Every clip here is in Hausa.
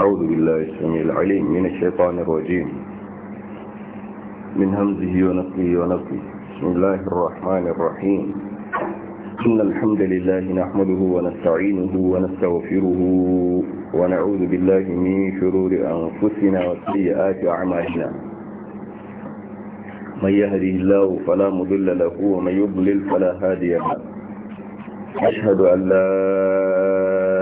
أعوذ بالله السميع العليم من الشيطان الرجيم من همزه ونفه ونفه بسم الله الرحمن الرحيم إن الحمد لله نحمده ونستعينه ونستغفره ونعوذ بالله من شرور أنفسنا وسيئات أعمالنا من يهده الله فلا مضل له ومن يضلل فلا هادي له أشهد أن لا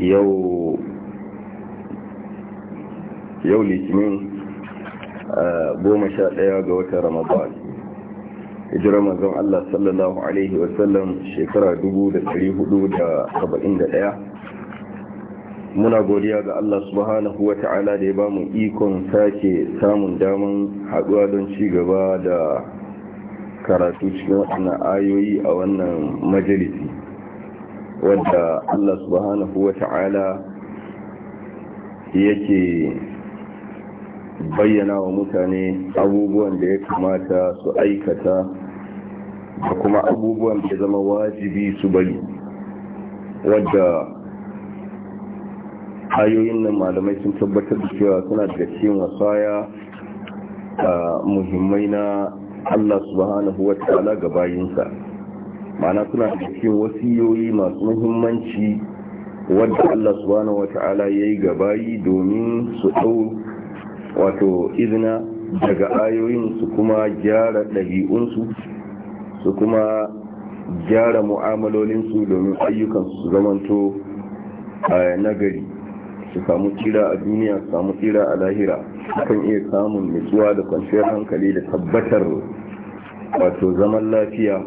yau yau litinin goma sha ɗaya ga watan ramadan hijirar mazan allah sallallahu alaihi wasallam shekara 441 muna godiya ga allah subhanahu wa ta'ala da ya ba mu ikon sake samun daman haɗuwa don ci gaba da karatu cikin waɗannan ayoyi a wannan majalisi wadda Allah subhanahu wa ta'ala yake bayyana wa mutane abubuwan da ya kamata su aikata da kuma abubuwan da zama wajibi su bari wadda ayoyin nan malamai sun tabbatar da cewa suna da cikin wasaya a ah, muhimmai na Allah subhanahu wa ta'ala ga bayinsa ma'ana suna da cikin wasiyoyi masu muhimmanci wadda Allah subhanahu wata'ala ya yi gabayi domin su ɗau wato izina daga ayoyin su kuma gyara ɗabi'unsu su kuma gyara mu'amalolinsu domin ayyukan su zamanto a nagari su samu tsira a duniya su samu tsira a lahira kan iya samun nutsuwa da kwanciyar hankali da tabbatar wato zaman lafiya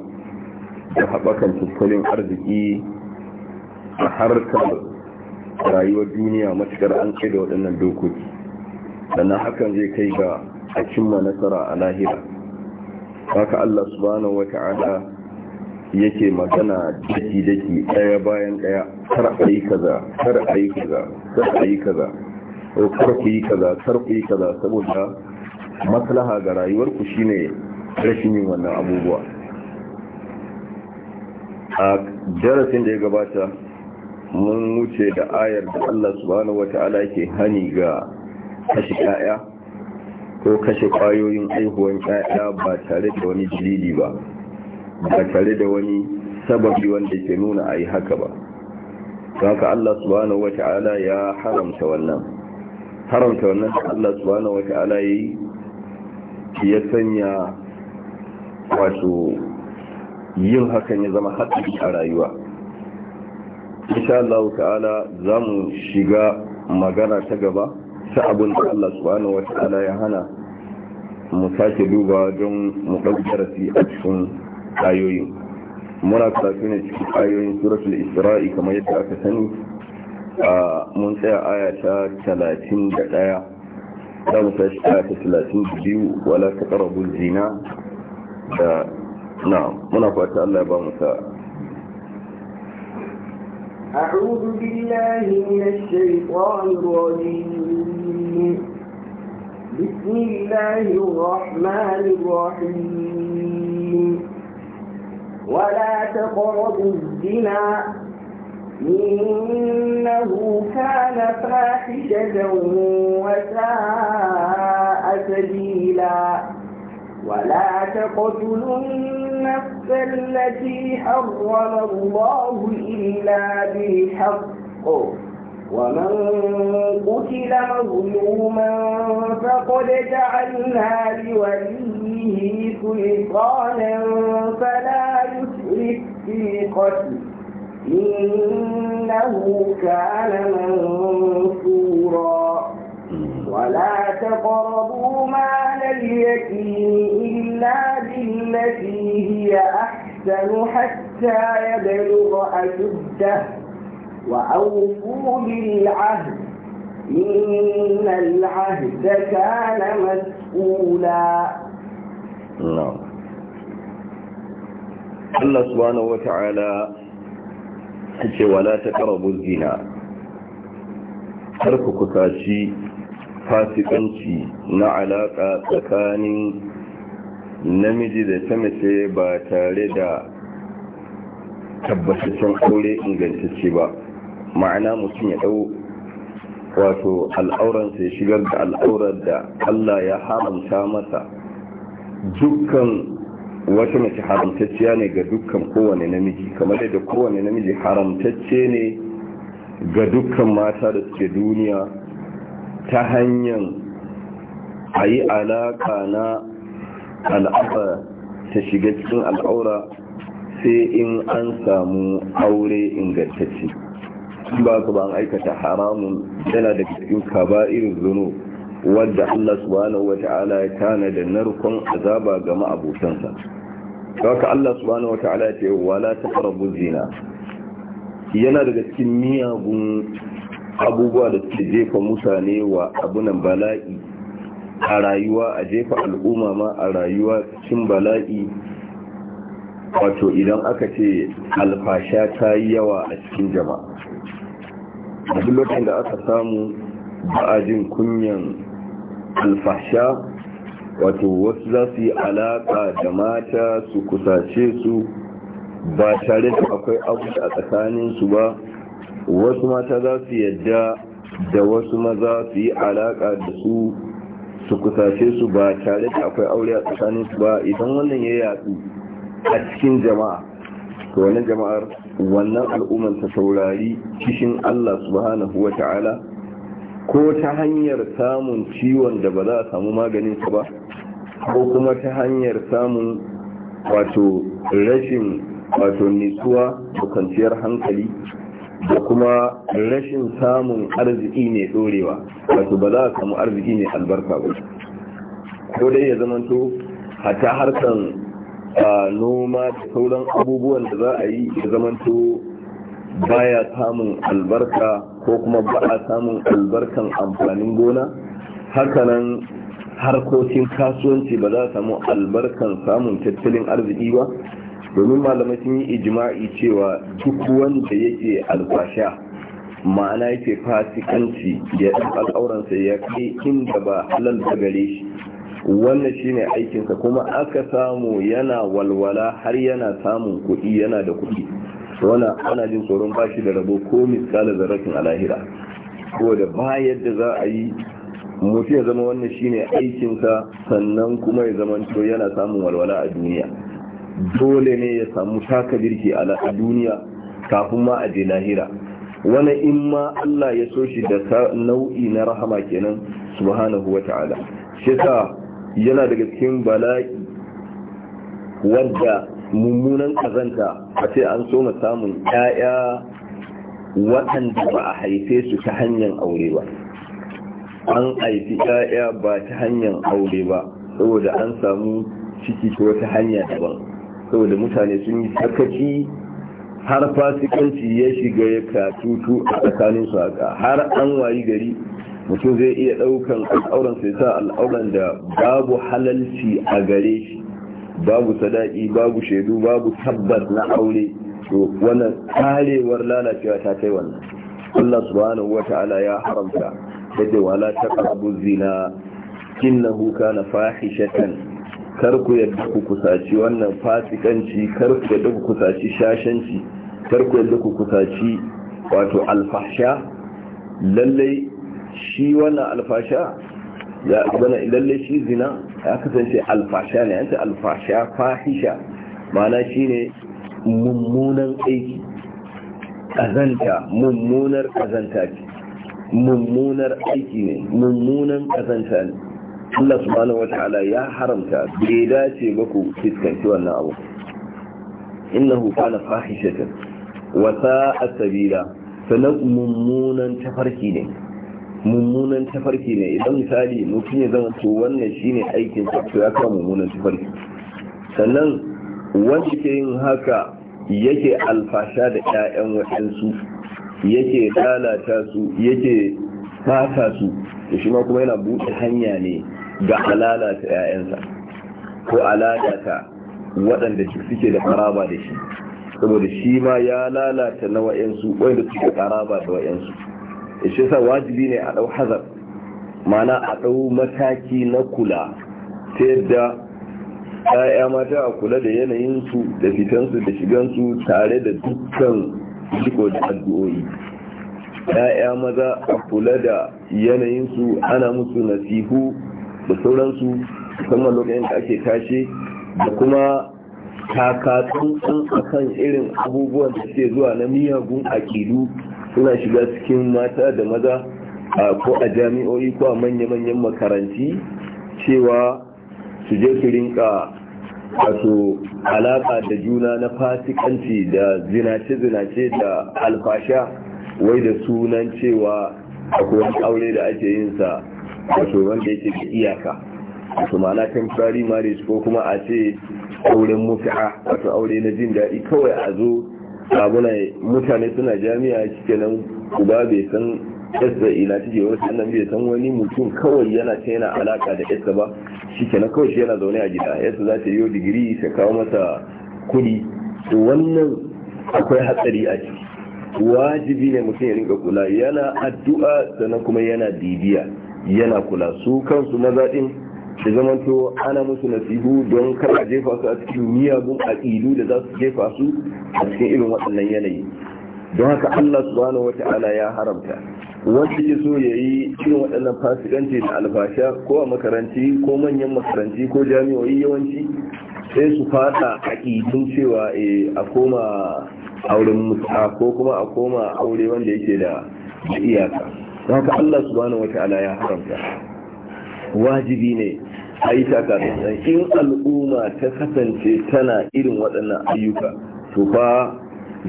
da haɓakan tattalin arziki a harkar rayuwar duniya matuƙar an kai da waɗannan dokoki sannan hakan zai kai ga a cimma nasara a lahira haka Allah subhanahu ta'ala yake magana daki-daki ɗaya bayan ɗaya kar a yi kaza kar a yi kaza kar a yi kaza ko kar ku yi kaza kar ku yi kaza saboda maslaha ga rayuwarku shine rashin yin wannan abubuwa a darasin da ya gabata mun wuce da ayar da Allah subhanahu wata'ala ke hani ga kashe ƙaya ko kashe ƙwayoyin aihuwan ƙaya ba tare da wani dalili ba ba tare da wani sababi wanda ke nuna a yi haka ba ka Allah subhanahu wata'ala ya haramta wannan haramta wannan Allah subhanahu wata'ala ya sanya wato yin hakan ya zama haɗari a rayuwa insha Allah ta'ala za mu shiga magana ta gaba ta abin da Allah subhanahu wata'ala ya hana mu sake duba don mu ɗauki a cikin ayoyin muna karatu ne cikin ayoyin suratul isra'i kamar yadda aka sani mun tsaya aya ta talatin da ɗaya za mu tashi aya ta talatin da biyu wala ta zina da نعم muna fata الله ya مساء أعوذ بالله من الشيطان الرجيم بسم الله الرحمن الرحيم ولا تقربوا الزنا إنه كان فاحشة وساء سبيلا ولا تقتلوا النفس التي حرم الله إلا بالحق ومن قتل مظلوما فقد جعلنا لوليه سلطانا فلا يسرف في القتل إنه كان منصورا ولا تقربوا مال اليتيم إلا بالتي هي أحسن حتى يبلغ أشده وأوفوا بالعهد إن العهد كان مسؤولا نعم الله سبحانه وتعالى ولا تقربوا الزنا ta karabu fasikanci na alaƙa tsakanin namiji da ta mace ba tare da tabbataccen aure ingantacce ba ma'ana mutum ya ɗau wato al'auransa ya shigar da al'aurar da allah ya haramta masa dukkan wata mace haramtacciya ne ga dukkan kowane namiji kamar da kowane namiji haramtacce ne ga dukkan mata da suke duniya ta hanyar a yi alaƙa na al'afa ta shiga cikin al'aura sai in an samu aure ingantacce ba ka ba an aikata haramun yana da cikin irin zuno wadda Allah subhanahu wa ta'ala ya tana da narkon azaba ga ma'abutansa haka Allah subhanahu wa ta'ala ya ce wala taqrabu zina yana daga cikin miyagun abubuwa da suke jefa mutane wa abunan bala'i a rayuwa a jefa al'umma ma a rayuwa cikin bala'i wato idan aka ce alfasha ta yi yawa a cikin jama'a a duk lokacin da aka samu ba a jin kunyan alfasha wato wasu za su yi alaƙa da mata su kusace su ba tare da akwai abu a tsakaninsu ba wasu mata za su yadda da wasu maza su yi alaƙa da su su kusace su ba tare da akwai aure a tsakanin su ba idan wannan ya yatsu a cikin jama'a to wani jama'ar wannan al'ummar ta saurari kishin Allah subhanahu wa ta'ala ko ta hanyar samun ciwon da ba za a samu maganin sa ba ko kuma ta hanyar samun wato rashin wato nisuwa da kwanciyar hankali da kuma rashin samun arziki mai dorewa wato ba za a samu arziki mai albarka ba ko dai ya zamanto hata harkan noma da sauran abubuwan da za a yi ya zamanto baya samun albarka ko kuma ba a samun albarkan amfanin gona hakanan harkokin kasuwanci ba za a samu albarkan samun tattalin arziki ba domin malamai sun yi ijima'i cewa duk wanda yake alfasha ma'ana yake fasikanci ya ɗan al'auransa ya kai inda ba halal ta gare shi wannan shine aikinsa kuma aka samu yana walwala har yana samun kuɗi yana da kuɗi wana ana jin tsoron bashi da rabo ko da rakin alahira ko da ba yadda za a yi mutu ya zama wannan shine aikinsa sannan kuma ya zamanto yana samun walwala a duniya dole ne ya samu taka birki a duniya kafin ma a je lahira wani in ma Allah ya so shi da nau'i na rahama kenan subhanahu wa ta'ala shi sa yana daga cikin bala'i wadda mummunan kazanta a ce an so samun 'ya'ya waɗanda ba a haife su ta hanyar aure ba an haifi 'ya'ya ba ta hanyar aure ba saboda an samu ciki ko ta hanya daban saboda mutane sun yi sakaci har fasikanci ya shiga ya katutu a tsakanin su haka har an wayi gari mutum zai iya daukan al'auran sai sa al'auran da babu halalci a gare shi babu sadaki babu shaidu babu tabbas na aure to wannan karewar lalacewa ta kai wannan Allah subhanahu wata'ala ya haramta da wala taqrabu zina innahu kana fahishatan Karku ya duku kusaci wannan fasikanci kar ku yadda kusaci shashanci karku ya duku kusaci wato alfasha lallai shi wannan alfasha ya zana lallai shi zina ya kasance alfasha ne yanta alfasha fahisha mana shi ne mummunan aiki ƙazanta mummunar ƙazanta ce mummunar aiki ne mummunan ƙazanta ne Allah subhanahu ta'ala ya haramta bai dace ba ku fiskanci wannan abu innahu kana fahishatan wa sa'a sabila sanan mummunan tafarki ne mummunan tafarki ne idan misali mutum ya zama to wannan shine aikin sa to ya kawo mummunan tafarki sannan wanda ke yin haka yake alfasha da ƴaƴan waɗansu yake lalata su yake fata su da shi ma kuma yana buɗe hanya ne ga halala ta 'ya'yansa ko alalata waɗanda suke da karaba da shi saboda shi ma ya lalata na wa'yansu wanda suke karaba da wa'yansu e shi sa wajibi ne a ɗau hazar mana a ɗau mataki na kula sai da ‘ya'ya mata a kula da yanayinsu da fitansu da shigansu tare da dukkan jiko da addu'o'i ‘ya'ya maza a kula da yanayinsu ana musu nasihu da sauransu musamman lokacin da ake tashe da kuma takatun an akan irin abubuwan da suke zuwa na miyagun akidu suna shiga cikin mata da maza ko a jami'o'i ko a manya-manyan makaranti cewa su je su rinka wato alaƙa da juna na fasikanci da zinace-zinace da alfasha wai da sunan cewa akwai aure da ake yin sa wato wanda yake da iyaka wato ma'ana temporary marriage ko kuma a ce auren mufi'a wato aure na jin daɗi kawai a zo abuna mutane suna jami'a nan uba bai san yadda ina cike wasu sannan bai san wani mutum kawai yana ta yana alaka da yadda ba shi kenan kawai shi yana zaune a gida yadda za ta yi digiri ta kawo mata kuɗi to wannan akwai hatsari a ciki wajibi ne mutum ya rinka kula yana addu'a sannan kuma yana bibiya yana kula su kansu maza din da zamanto ana musu nasihu don kar a jefa su a cikin miyagun aƙilu da za su jefa su a cikin irin waɗannan yanayi don haka Allah subhanahu wata'ala ya haramta wanda ke so ya yi irin waɗannan fasikanci da albasha ko a makaranci ko manyan makaranci ko jami'o'i yawanci sai su fada aƙidun cewa eh, a koma auren musa ko kuma a koma aure wanda yake da iyaka don haka Allah subhanahu wa ta'ala ya haramta wajibi ne a yi takatsan in al'umma ta kasance tana irin waɗannan ayyuka to fa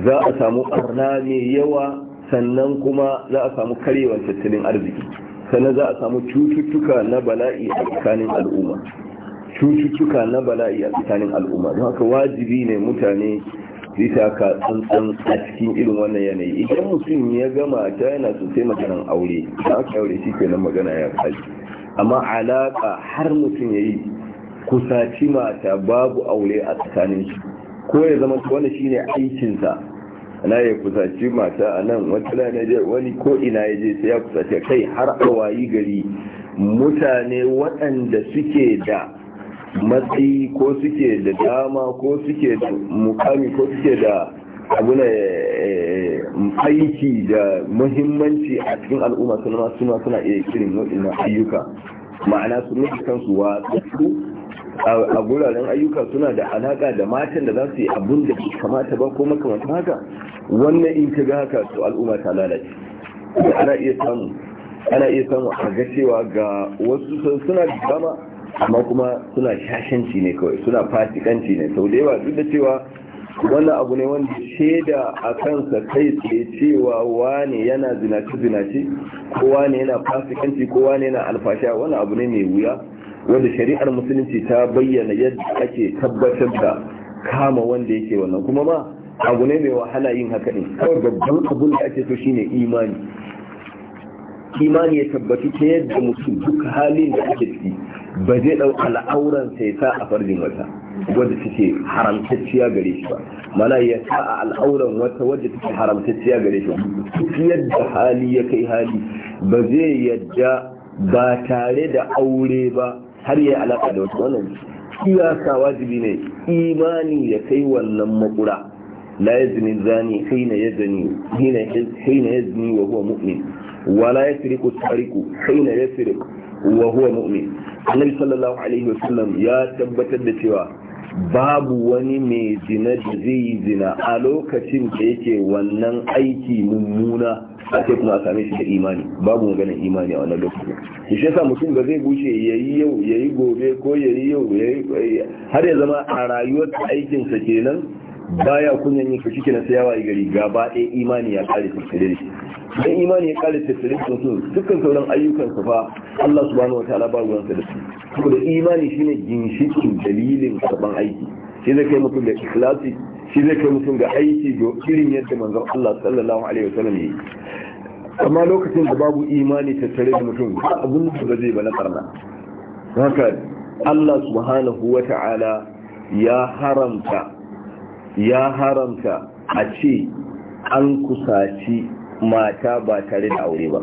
za a samu arna mai yawa sannan kuma za a samu karewar tattalin arziki sannan za a samu cututtuka na bala'i a tsakanin al'umma cututtuka na bala'i a tsakanin al'umma don haka wajibi ne mutane bisa ka tsantsan a cikin irin wannan yanayi idan mutum ya gama ta yana sosai maganan aure da aka aure shi kenan magana ya kai amma alaka har mutum ya yi kusaci mata babu aure a tsakanin shi ko ya zama wani ne aikinsa na ya kusaci mata a nan wata wani ko ina ya je sai ya kusaci kai har awayi gari mutane waɗanda suke da Matsi ko suke da dama ko suke da mukami ko suke da abuna eh, eh, aiki da muhimmanci a cikin al'umma suna suna suna iya kirin nau'in ayyuka ma'ana su nufi kansu wa a guraren ayyuka suna da alaka da matan da za su yi abun da ke kamata ba ko makamata haka wannan in ka ga haka to al'umma ta lalace ana iya samu ana iya samu a ga cewa ga wasu suna da dama amma kuma suna shashanci ne kawai suna fasikanci ne sau da yawa duk da cewa wannan abu ne wanda shaida a kansa kai tsaye cewa wane yana zinaci zinaci ko wane yana fasikanci ko wane yana alfasha wani abu ne mai wuya wanda shari'ar musulunci ta bayyana yadda ake tabbatar da kama wanda yake wannan kuma ma abu ne mai wahala yin haka ne kawai babban abun da ake so shine imani imani ya tabbaci ta yadda mutum duk halin da ake ciki ba zai ɗau al'auran sai sa a farjin wata wadda take haramtacciya gare shi ba mana ya sa a al'auran wata wadda take haramtacciya gare shi duk yadda hali ya kai hali ba zai yadda ba tare da aure ba har ya alaka da wata wannan iyaka wajibi ne imani ya kai wannan makura لا zani الزاني حين يزني حين يزني وهو Wa ولا يسرق السارق حين يسرق wa huwa mu'min annabi sallallahu alaihi wasallam ya tabbatar da cewa babu wani mai zina da zai zina a lokacin da yake wannan aiki mummuna a ce kuma a same shi da imani babu magana imani a wannan lokacin shi shi yasa mutum ba zai bushe yayi yau yayi gobe ko yayi yau har ya zama a rayuwar aikinsa kenan baya kunyan yin kashi kina sai yawa gari gaba ɗaya imani ya kare tattare da shi dan imani ya kare tattare da su dukkan sauran ayyukan su fa Allah subhanahu wataala ba ruwan sa da su da imani shine ginshikin dalilin karban aiki shi zai kai mutum da ikhlasi shi zai kai mutum ga aiki ga irin yadda manzo Allah sallallahu alaihi wasallam yi amma lokacin da babu imani tattare da mutum ba abun da ba zai ba na karna haka Allah subhanahu wataala ya haramta ya haramta a ce an kusaci mata ba tare da aure ba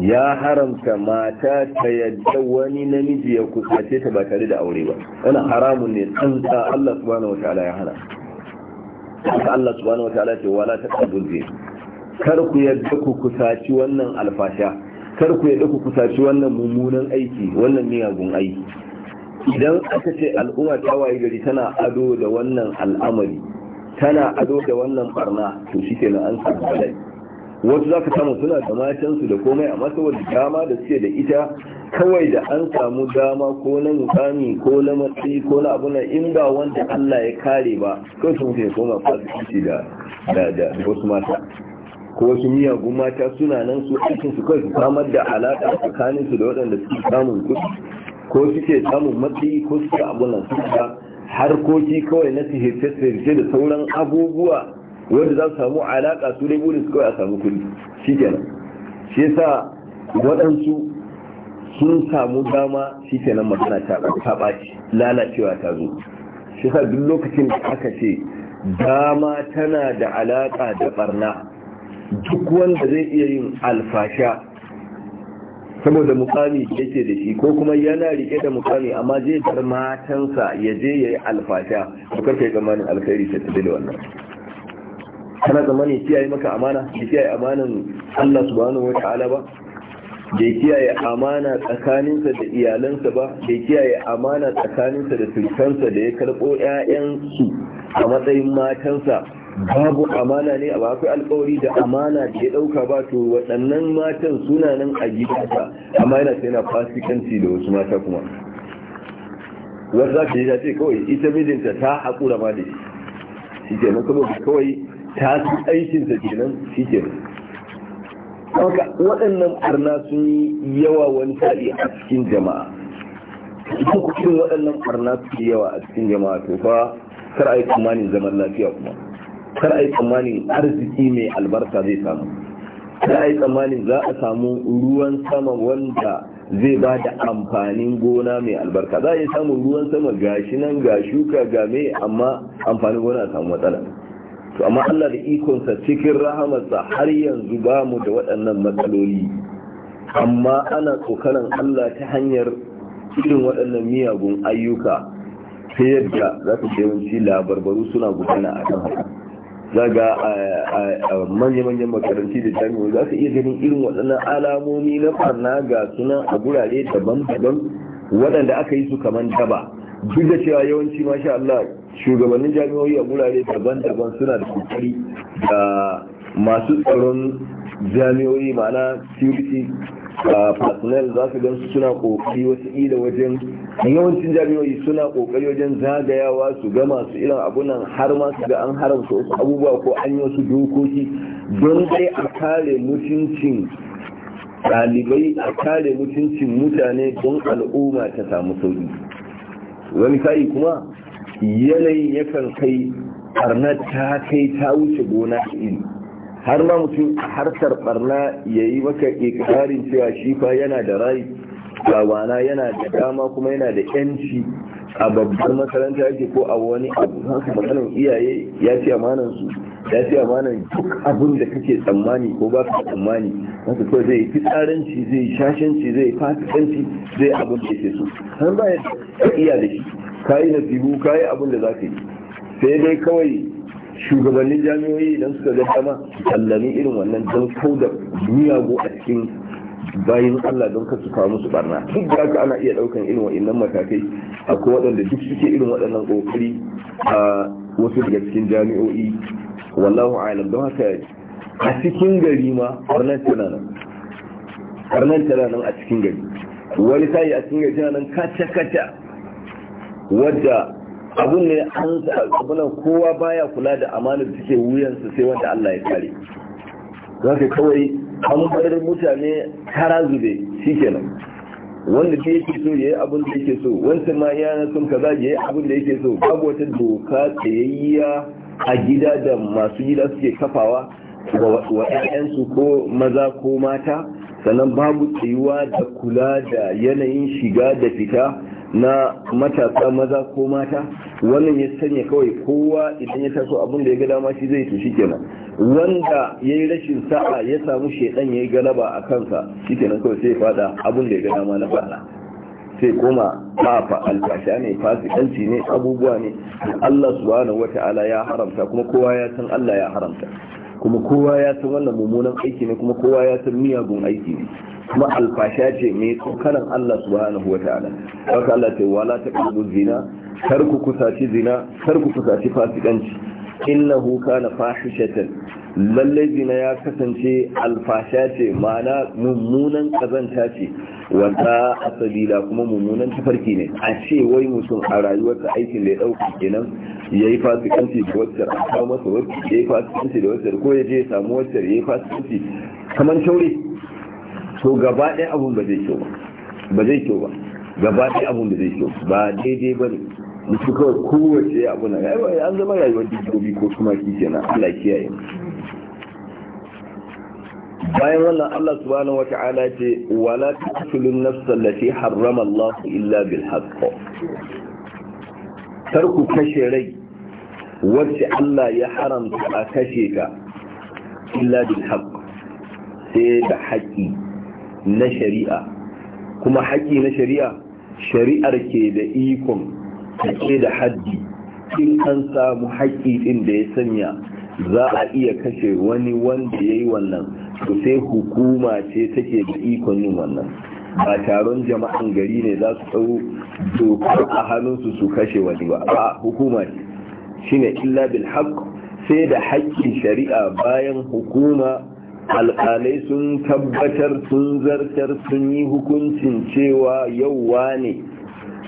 ya haramta mata ta yadda wani namiji ya kusace ta ba tare da aure ba Wani haramun ne tsantsa Allah subhanahu wataala ya hana ta Allah subhanahu wataala ce wala ta tabunzi kar ku yadda ku kusaci wannan alfasha kar ku yadda ku kusaci wannan mummunan aiki wannan miyagun aiki idan aka ce al'umma ta waye gari tana ado da wannan al'amari tana ado da wannan barna to shi na an samu balai wasu za ka samu suna da matansu da komai amma saboda dama da suke da ita kawai da an samu dama ko na mukami ko na matsayi ko na abu na in ba wanda Allah ya kare ba kawai su mutu ya koma fasikanci da wasu mata ko wasu miyagun mata suna nan su aikin su kai su samar da alaƙa tsakanin su da waɗanda suke samun kuɗi ko suke samun matsayi ko suke abunan suka harkoki kawai na sihirce-sihirce da sauran abubuwa wanda za su samu alaƙa su dai burin su kawai a samu kuɗi shi kenan shi yasa waɗansu sun samu dama shi kenan magana ta ɓaci lalacewa ta zo shi yasa duk lokacin da aka ce dama tana da alaƙa da ɓarna duk wanda zai iya yin alfasha saboda mukami yake da shi ko kuma yana rike da mukami amma zai bar matansa ya je ya yi alfasha to karka yi tsammanin alkhairi ta tafi da wannan kana tsammanin kiyaye maka amana kiyaye amanan Allah subhanahu wa ta'ala ba bai kiyaye amana tsakaninsa da iyalansa ba bai kiyaye amana tsakaninsa da surukansa da ya karɓo 'ya'yansu a matsayin matansa babu amana ne a bafi alkawari da amana da ya dauka ba to waɗannan matan suna nan a gidansa amma yana sai na fasikanci da wasu mata kuma wasu za ta yi ta ce kawai ita mijinta ta haƙura ma da shi ke nan kuma kawai ta su aikinsa nan shi ke nan haka waɗannan arna sun yi yawa wani tari a cikin jama'a idan kuma waɗannan sun yi yawa a cikin jama'a to fa kar a yi tsammanin zaman lafiya kuma kar a yi tsammanin arziki mai albarka zai samu kar a yi tsammanin za a samu ruwan sama wanda zai ba da amfanin gona mai albarka za a yi samu ruwan sama gashi nan ga shuka ga mai amma amfanin gona a samu matsala to amma Allah da ikonsa cikin rahamarsa har yanzu ba mu da waɗannan matsaloli amma ana tsokanan Allah ta hanyar irin waɗannan miyagun ayyuka ta yadda za ta yawanci labarbaru suna gudana a kan haka za a manya-manyan makaranti da jami'o za ka iya ganin irin waɗannan alamomi na farna ga suna a gurare daban-daban waɗanda aka yi su kamar daba duk da cewa yawanci masha Allah shugabannin jami'o'i a gurare daban-daban suna da kokari da masu tsaron jami'o'i ma'ana security personnel za su gansu suna kokari wasu ila wajen yawancin jami'o'i suna ƙoƙari wajen zagayawa su ga masu irin abunan har ma su ga an haramta wasu abubuwa ko an yi wasu dokoki don dai a kare mutuncin ɗalibai a kare mutuncin mutane don al'umma ta samu sauƙi. wani sa'i kuma yanayin yakan kai arnar ta kai ta wuce gona iri har ma mutum a harkar barna ya yi maka ikarin cewa shi fa yana da rai gawana yana da dama kuma yana da yanci a babbar makaranta yake ko a wani abu haka maganan iyaye ya ce amanan su ya ce amanan duk abin da kake tsammani ko ba ka tsammani haka ko zai fitsaranci zai shashanci zai fasikanci zai abin da yake so har ba ya iya da shi kayi nasihu kayi abin da za ka yi sai dai kawai shugabannin jami'o'i idan suka ga dama sallami irin wannan don kau da miyago a cikin bayan Allah don kasu kawo musu barna duk da haka ana iya daukan irin wa'annan matakai akwai waɗanda duk suke irin waɗannan ƙoƙari a wasu daga cikin jami'o'i wallahu alam don haka a cikin gari ma barnan tana nan barnan tana nan a cikin gari wani tayi a cikin gari tana nan kaca kaca wadda abun ne an sa kowa baya kula da amanar da ke wuyansu sai wanda Allah ya kare za ka kawai an bar mutane tara zube shi kenan wanda da yake so ya yi abin da yake so wancan ma yana sun kaza ya yi abin da yake so babu wata doka tsayayya a gida da masu gida suke kafawa wa 'ya'yansu ko maza ko mata sannan babu tsayuwa da kula da yanayin shiga da fita na matasa maza ko mata wannan ya sanya kawai kowa idan ya taso abin da ya ga dama shi zai to shi kenan wanda ya yi rashin sa'a ya samu shaidan ya yi galaba a kansa shi kenan kawai sai fada abin da ya ga dama na fada sai koma fafa alfasha ne fasikanci ne abubuwa ne Allah subhanahu wata'ala ya haramta kuma kowa ya san Allah ya haramta kuma kowa ya san wannan mummunan aiki ne kuma kowa ya san miyagun aiki ne kuma alfasha ce mai tsokanan Allah subhanahu wa ta'ala haka Allah ce wala taqrabu zina kar ku kusaci zina kar ku kusaci fasikanci innahu kana fahishatan lallai zina ya kasance alfasha ce ma'ana mummunan kazanta ce wanda asalila kuma mummunan tafarki ne a ce wai mutum a rayuwarsa aikin da ya dauki kenan ya yi fasikanci da waccar a kawo masa wacce ya yi fasikanci da waccar ko ya je ya samu waccar ya yi fasikanci kamar shauri to gaba ɗaya abun ba zai kyau ba ba zai kyau ba gaba ɗaya abun da zai kyau ba daidai ba ne mutu kawai kowace abu na rayuwa an zama rayuwar dabbobi ko kuma na Allah kiyaye bayan wannan Allah subhanahu wata'ala ce wala taqtulun nafsa allati harrama Allah illa bil haqq tarku kashe rai wacce Allah ya haramta a kashe ka illa bil haqq sai da haƙi na shari'a kuma haƙi na shari'a shari'ar ke da ikon ke da haddi in an samu haƙi ɗin da ya sanya za a iya kashe wani wanda ya yi wannan to sai hukuma ce take da ikon yin wannan ba taron jama'an gari ne za su tsawo dokar a hannunsu su kashe wani ba a hukuma ce ne illa bil sai da haƙƙin shari'a bayan hukuma alƙalai sun tabbatar sun zartar sun yi hukuncin cewa yauwa ne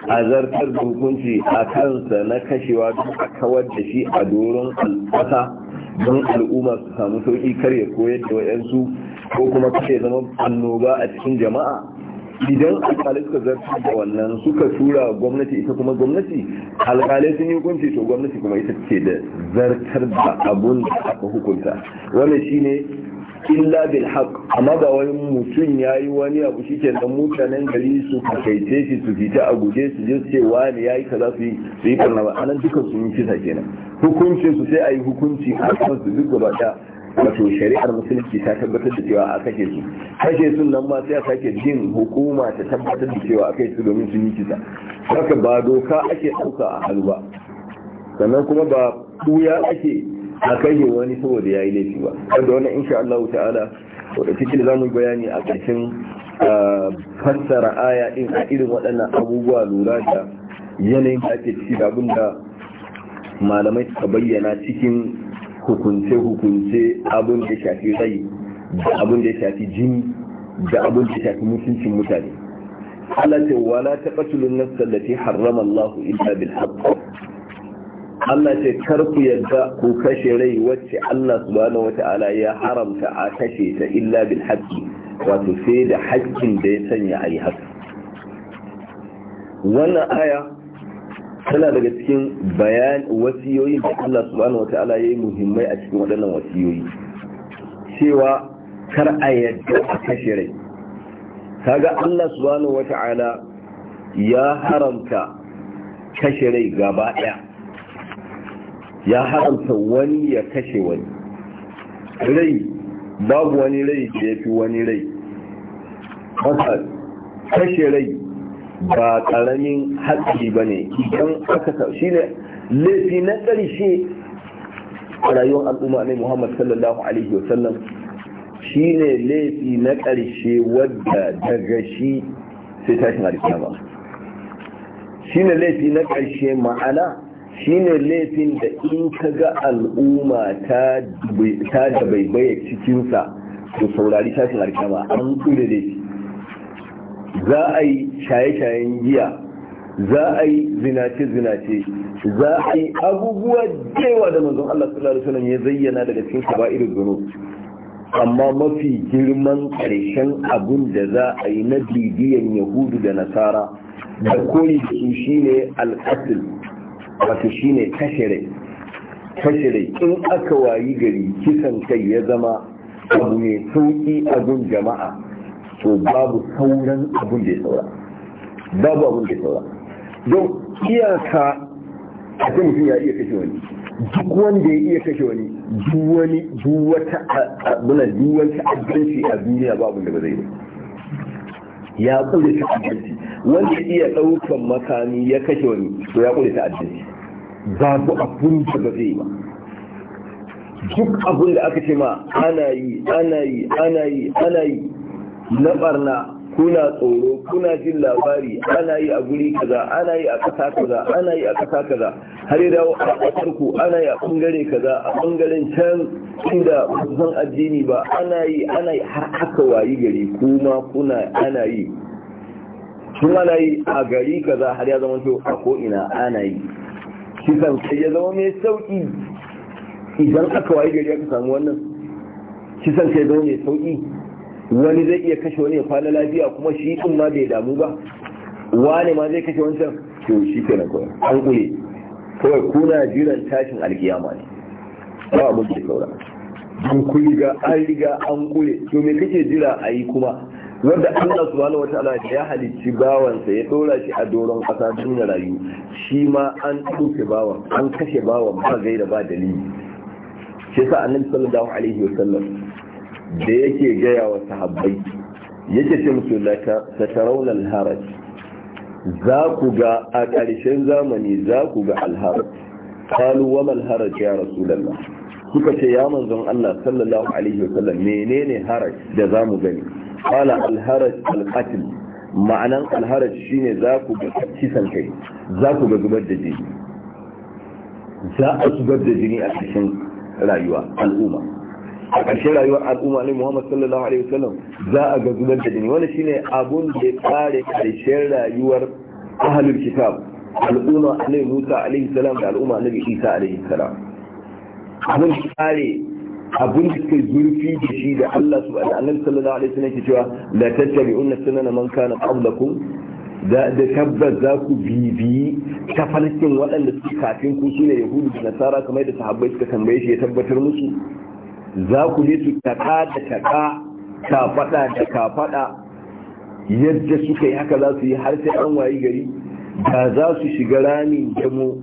a zartar da hukunci a kansa na kashewa duk a kawar da shi a doron alƙasa don al'umma su samu sauki kar ya koyar da wayansu ko kuma kar ya zama annoba a cikin jama'a idan alƙalai suka zartar da wannan suka tura gwamnati ita kuma gwamnati alƙalai sun yi hukunci to gwamnati kuma ita ce da zartar da abun da aka hukunta wannan shine illa bil haqq amma ba wani mutum yayi wani abu shike nan mutanen gari su kaice shi su fita a guje su je ce wani yayi kaza su yi su ba anan dukan su yi kisa kenan hukuncin su sai ayi hukunci a kan su duk gaba da wato shari'ar musulunci ta tabbatar da cewa a kashe su kashe sun nan ma sai a sake jin hukuma ta tabbatar da cewa a kai su domin sun yi kisa haka ba doka ake ɗauka a halu ba sannan kuma ba buya ake a kai wani saboda ya yi laifi ba wanda wani insha Allah ta'ala wadda cikin zamu bayani a ƙarshen fassara aya din a irin waɗannan abubuwa lura da yanayin da ake ciki da abin da malamai suka bayyana cikin hukunce-hukunce abin da shafi rai da abin da shafi jini da abin da shafi mutuncin mutane Allah ce wala taqtulun nafsa allati harrama Allah illa bil haqq Allah ce kar ku yadda ku kashe rai wacce Allah subhanahu wata'ala ya haramta a kashe ta illa bil haqqi wato sai da haƙƙin da ya sanya a yi haka wannan aya tana daga cikin bayan wasiyoyi da Allah subhanahu wata'ala ya yi muhimmai a cikin waɗannan wasiyoyi cewa kar a yadda a kashe rai kaga Allah subhanahu wata'ala ya haramta kashe rai gaba ɗaya ya haramta wani ya kashe wani rai babu wani rai da ya fi wani rai kashe rai ba karamin haƙi ba ne idan aka shi ne laifi na ƙarshe a rayuwar al'umma ne muhammad sallallahu alaihi wa sallam shi ne laifi na ƙarshe wadda daga shi sai tashin alkiyama shi ne laifi na ƙarshe ma'ana shine laifin da in ka ga al'umma ta da baibaya cikinsa to saurari tashin alkama an tsure laifi za a yi shaye-shayen giya za a yi zinace-zinace za a yi abubuwa jewa da mazan Allah sallallahu alaihi ya zayyana daga cikin irin gano amma mafi girman karshen abun da za a yi na bibiyan yahudu da nasara da koyi su shine al'asil wato shi kashe rai kashe rai in aka wayi gari kisan kai ya zama abu mai sauki a gun jama'a to babu sauran abun da ya saura babu abun da ya saura don iyaka a kan mutum ya iya kashe wani duk wanda ya iya kashe wani duk wani duk wata abuna duk wata adalci a duniya babu da ba zai ya kula ta adalci wanda iya daukan makami ya kashe wani to ya kula ta adalci babu abun da zai ba duk abun da aka ce ma ana yi ana yi ana yi ana yi na barna kuna tsoro kuna jin labari ana yi a guri kaza ana yi a kasa kaza ana yi a kasa kaza har yi dawo a kasar ku ana yi a bangare kaza a bangaren can inda zan addini ba ana yi ana yi har aka wayi gari kuma kuna ana yi kuma ana yi a gari kaza har ya zama to a ko ina ana yi kisan kai ya zama mai sauƙi idan aka wayi gari aka samu wannan kisan kai zama mai sauƙi wani zai iya kashe wani ya kwana lafiya kuma shi ɗin ma bai damu ba wani ma zai kashe wancan to shi kenan kawai an ƙule kawai kuna jiran tashin alkiyama ne ba abin da saura an kun ga an riga an ƙule to me kake jira a yi kuma wanda Allah subhanahu wataala ya halicci bawansa ya dora shi a doron kasa don ya rayu shi ma an bawan an kashe bawan ba gaira ba dalili shi sa annabi sallallahu alaihi wasallam da yake gaya wa sahabbai yake ce musu laka satarawna alharaj za ku ga a ƙarshen zamani za ku ga alharaj qalu wa mal haraj ya rasulullah suka ce ya manzon Allah sallallahu alaihi wasallam menene haraj da zamu gani qala al-haraj ma'anan alharaj shi ne za ku ga kisan kai za ku ga zubar da jini za a zubar da jini a cikin rayuwa al'umma a ƙarshen rayuwar al'umma ne Muhammad sallallahu alaihi wasallam za a ga zubar da jini wani shi ne abun da ya kare ƙarshen rayuwar ahlul kitab al'umma annabi Musa alaihi salam da al'umma annabi Isa alaihi salam abun kare abin da suka zurfi da shi da Allah su da Allah sallallahu alaihi wasallam ke cewa la tattabi'unna sunana man kana qablakum da tabbas za ku bibi tafarkin waɗanda suke kafin ku shine yahudu da nasara kamar da sahabbai suka tambaye shi ya tabbatar musu za ku je su taka da taka ka fada da ka fada yadda suka yi haka za su yi har sai an wayi gari da za su shiga ramin jamo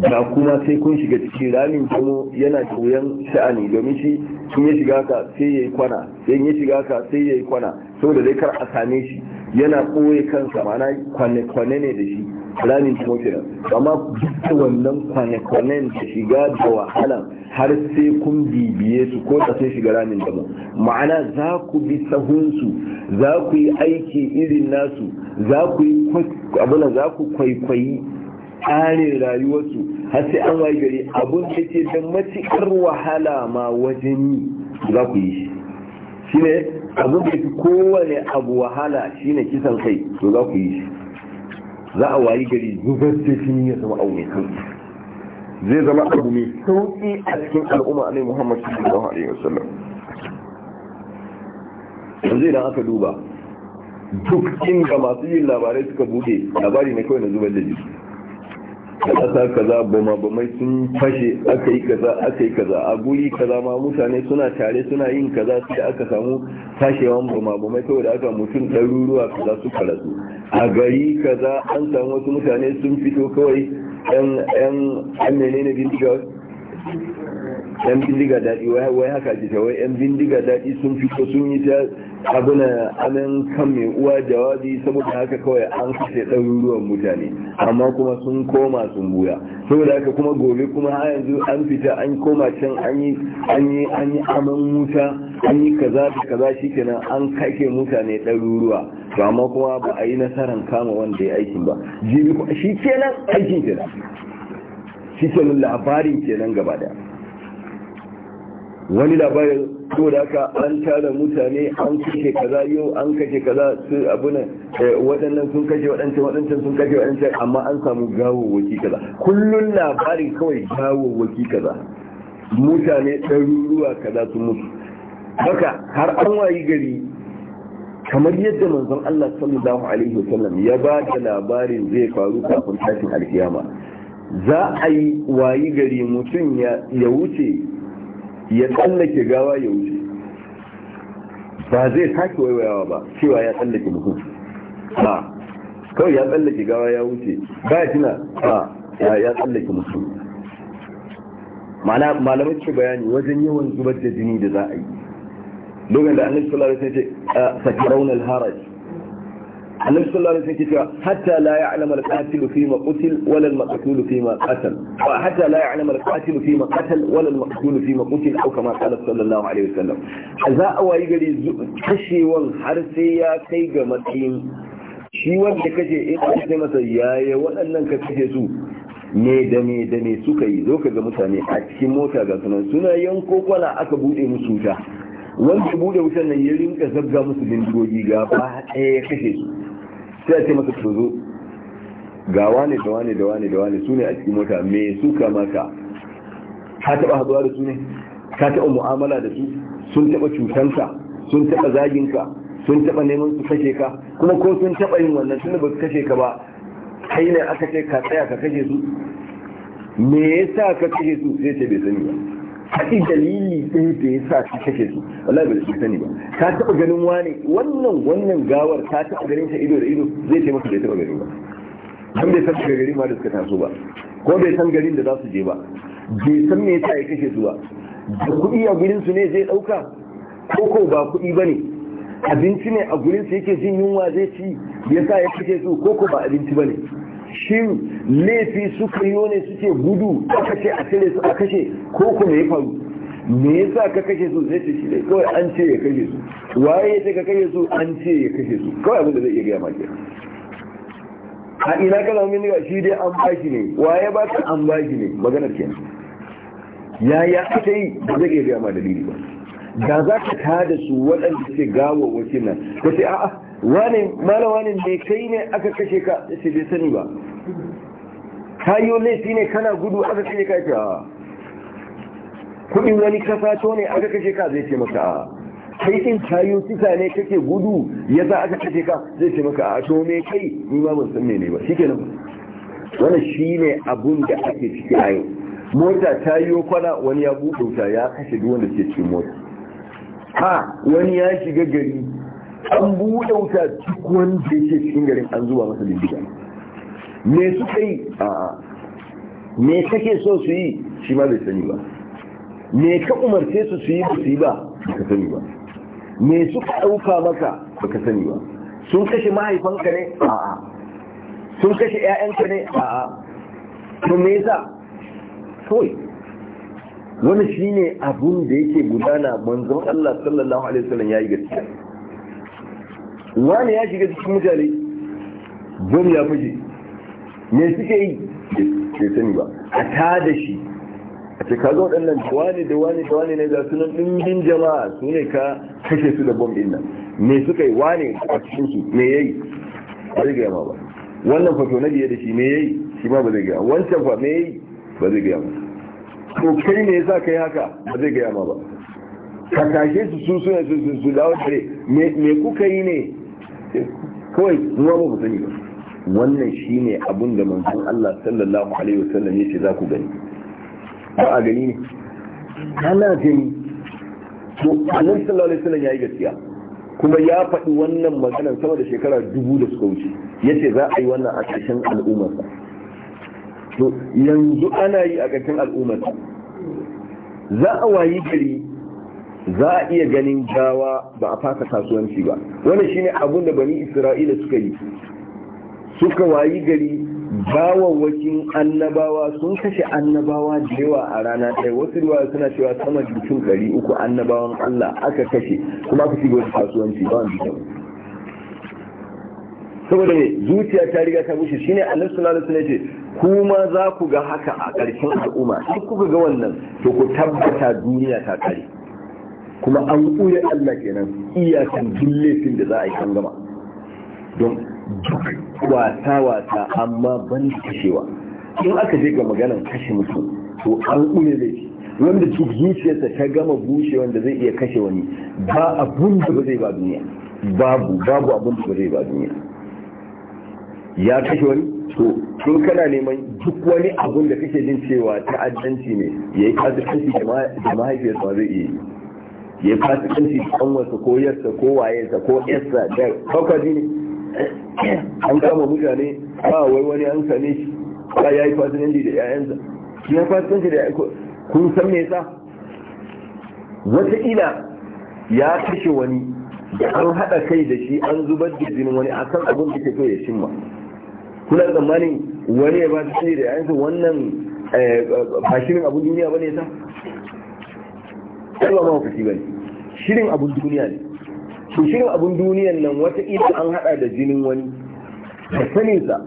da kuma sai kun shiga cikin ramin kuma yana koyan sha'ani domin shi sun ya shiga ka sai ya yi kwana sai ya shiga ka sai ya yi kwana saboda zai kar a same shi yana ɓoye kansa mana kwane-kwane ne da shi ramin kuma kenan amma duk da wannan kwane kwane da shiga da wahala har sai kun bibiye su ko da sun shiga ramin da ma'ana za ku bi sahunsu za ku yi aiki irin nasu za ku yi za ku kwaikwayi ƙare rayuwarsu har sai an waye gari abun da ke da matuƙar wahala ma wajen yi za ku yi shi shine abun da ke kowane abu wahala shine kisan kai to za ku yi shi za a waye gari zubar da shi ya zama abu mai sauki zai zama abu mai sauƙi a cikin al'umma alai muhammad sallallahu alaihi wasallam yanzu idan aka duba duk inda masu yin labarai suka bude labari ne kawai na zubar da jiki kasa kaza bama bamai sun fashe aka yi kaza aka yi kaza a guri kaza ma mutane suna tare suna yin kaza sai aka samu fashewan bama bamai saboda aka mutum ɗaruruwa kaza su karatu a gari kaza an samu wasu mutane sun fito kawai yan menene bindiga yan bindiga daɗi wai haka ji wai yan bindiga daɗi sun fito sun yi ta abuna amin kan mai uwa jawabi saboda haka kawai an kashe ɗaruruwan mutane amma kuma sun koma sun buya saboda haka kuma gobe kuma a yanzu an fita an koma can an yi an yi an yi wuta an yi kaza da kaza shikenan an kake mutane ɗaruruwa to amma kuma ba a yi nasarar kama wanda ya aikin ba jibi shi kenan aikin kenan shi kenan labarin kenan gaba daya wani labarin to da aka an tara mutane an kashe kaza yau an kashe kaza su abuna eh, waɗannan sun kashe waɗancan waɗancan sun kashe waɗancan amma an samu waki kaza kullun labarin kawai waki kaza mutane ɗaruruwa kaza sun mutu haka har an wayi gari kamar yadda manzon Allah sallallahu alaihi wasallam ya ba da labarin zai faru kafin tashin alkiyama za a yi wayi gari mutum ya wuce ya tsallake gawa ya wuce ba zai sake waiwayawa ba cewa ya tsallake mutum ba kawai ya tsallake gawa ya wuce ba ya tuna ba ya tsallake mutum malamai ce bayani wajen yawan zubar da jini da za a yi lokacin da annabi sallallahu alaihi wasallam ya ce sakaraunar haraji annabi sallallahu alaihi wasallam cewa hatta la ya'lamu al-qatil fi ma qutil wala al-maqtul fi ma qatal wa hatta la ya'lamu al-qatil fi ma qatal wala al-maqtul fi ma qutil aw kama qala sallallahu alaihi wasallam za a wayi gari kashewan har sai ya kai ga matsayin shi wanda kace in ka ce masa yaya waɗannan ka kace su me da me da me suka yi zo ka ga mutane a cikin mota ga sunan suna yanko kwala aka bude musu wuta wanda bude wutan nan ya rinka zabga musu bindigogi ga ba ɗaya ya kashe su sai a ce masa to zo ga wane da wane da wane da wane su ne a cikin mota me suka maka ka taɓa haɗuwa da su ne ka taɓa mu'amala da su sun taɓa cutanka sun taɓa zaginka sun taɓa neman su kashe ka kuma ko sun taɓa yin wannan tun ba su kashe ka ba kai ne aka ce ka tsaya ka kashe su me yasa ka kashe su sai ce bai sani ba haɗi dalili ɗaya da ya sa shi kashe su wallahi ba su sani ba Ta taɓa ganin wani wannan wannan gawar ta taɓa ganin ta ido da ido zai ce maka bai taɓa gani ba kan bai san daga gari ma da suka taso ba ko bai san garin da za su je ba bai san me yasa ya kashe su ba da kuɗi a gurin su ne zai ɗauka ko ko ba kuɗi ba ne abinci ne a gurin su yake jin yunwa zai ci yasa ya kashe su ko ko ba abinci ba ne shin laifi suka yi ne suke gudu aka ce a cire su a kashe ko kuma ya faru me yasa ka kashe su zai ce shi ne kawai an ce ya kashe su waye ya ce ka kashe su an ce ya kashe su kawai abin da zai iya gaya maki a ina kana min ga shi dai an bashi ne waye ba ka an bashi ne maganar kenan yaya aka yi ba zai iya gaya ma dalili ba da za ka tada su waɗanda suke gawo wakil nan ka ce a'a wani malawanin da mai kai ne aka kashe ka ya ce bai sani ba kayo laifi ne kana gudu aka kashe ka ya kudin wani kasato ne aka kashe ka zai ce maka a kai din kayo kisa ne kake gudu ya za aka kashe ka zai ce maka a to me kai ni ma ban san ne ba shikenan wannan shine abun da ake ciki a yau mota ta yi kwana wani ya buɗe ta ya kashe duk wanda ke cikin mota ha wani ya shiga gari an buɗe wuta duk wanda yake cikin garin an zuba masa bindiga me suka yi a me kake so su yi shi ma bai sani ba me ka umarce su su yi ba su yi ba ka sani ba me suka ɗauka maka ka sani ba sun kashe mahaifanka ne a'a sun kashe 'ya'yanka ne a'a to me yasa kawai wani shi ne abun da yake gudana manzon Allah sallallahu Alaihi wasallam ya yi gaskiya wani ya shiga cikin mutane zon ya fashe me suka yi ke sani ba a ta da shi a ce kaga waɗannan wani da wani da wani ne ga sunan ɗimbin jama'a su ne ka kashe su da bom ɗin nan me suka yi wani a cikin su me ya yi ba zai gaya ma ba wannan fato na biye da shi me ya yi shi ma ba zai gaya wancan fa me ya yi ba zai gaya ma to kai me yasa kai haka ba zai gaya ma ba ka tashe su su suna su su dawo tare me kuka yi ne kawai ruwa ba ku sani ba wannan ne abun da manzon Allah sallallahu alaihi wasallam ce za ku gani ba a gani ne ana gani to annabi sallallahu alaihi wasallam yi gaskiya kuma ya faɗi wannan maganar sama da shekara dubu da suka wuce Ya ce za a yi wannan a ƙarshen al'ummarsa to yanzu ana yi a ƙarshen al'ummarsa za a wayi gari za a iya ganin gawa ba a fasa kasuwanci ba Wani shine abun da bani isra'ila suka yi suka wayi gari wajen annabawa sun kashe annabawa da yawa a rana ɗaya wasu ruwa suna cewa sama jikin ɗari uku annabawan allah aka kashe kuma aka shiga wasu kasuwanci ba wani saboda ne zuciya ta riga ta bushe shine annabi sallallahu alaihi wasallam ce kuma za ku ga haka a ƙarshen al'umma in kuka ga wannan to ku tabbata duniya ta ƙare. kuma an ƙuya Allah kenan iyakan duk laifin da za a yi kan gama don wasa wasa amma ban kashewa in aka je ga maganar kashe mutum to an zai laifi wanda duk zuciyarsa ta gama bushe wanda zai iya kashe wani ba abun da ba zai ba duniya babu babu abun da ba zai ba duniya ya kashe wani to tun kana neman duk wani abun da kake jin cewa ta'addanci ne yayi kasu kashi da mahaifiyarsa zai iya yi ya fasikanci kan wasu ko yarsa ko wayensa ko yarsa da kwakwaji ne an kama mutane ba wai wani an same shi ba ya yi fasikanci da yayansa shi ya fasikanci da yayansa kun san me yasa wataƙila ya kashe wani da an haɗa kai da shi an zubar da jinin wani a kan abin da ke so ya cimma. kuna tsammanin wani ya ba su da yayansa wannan eh, ba shirin abin duniya ba ne ta? Ɗan ma hukuki ba ne. shirin abun duniya ne shi shirin abun duniyan nan wata ita an haɗa da jinin wani da saninsa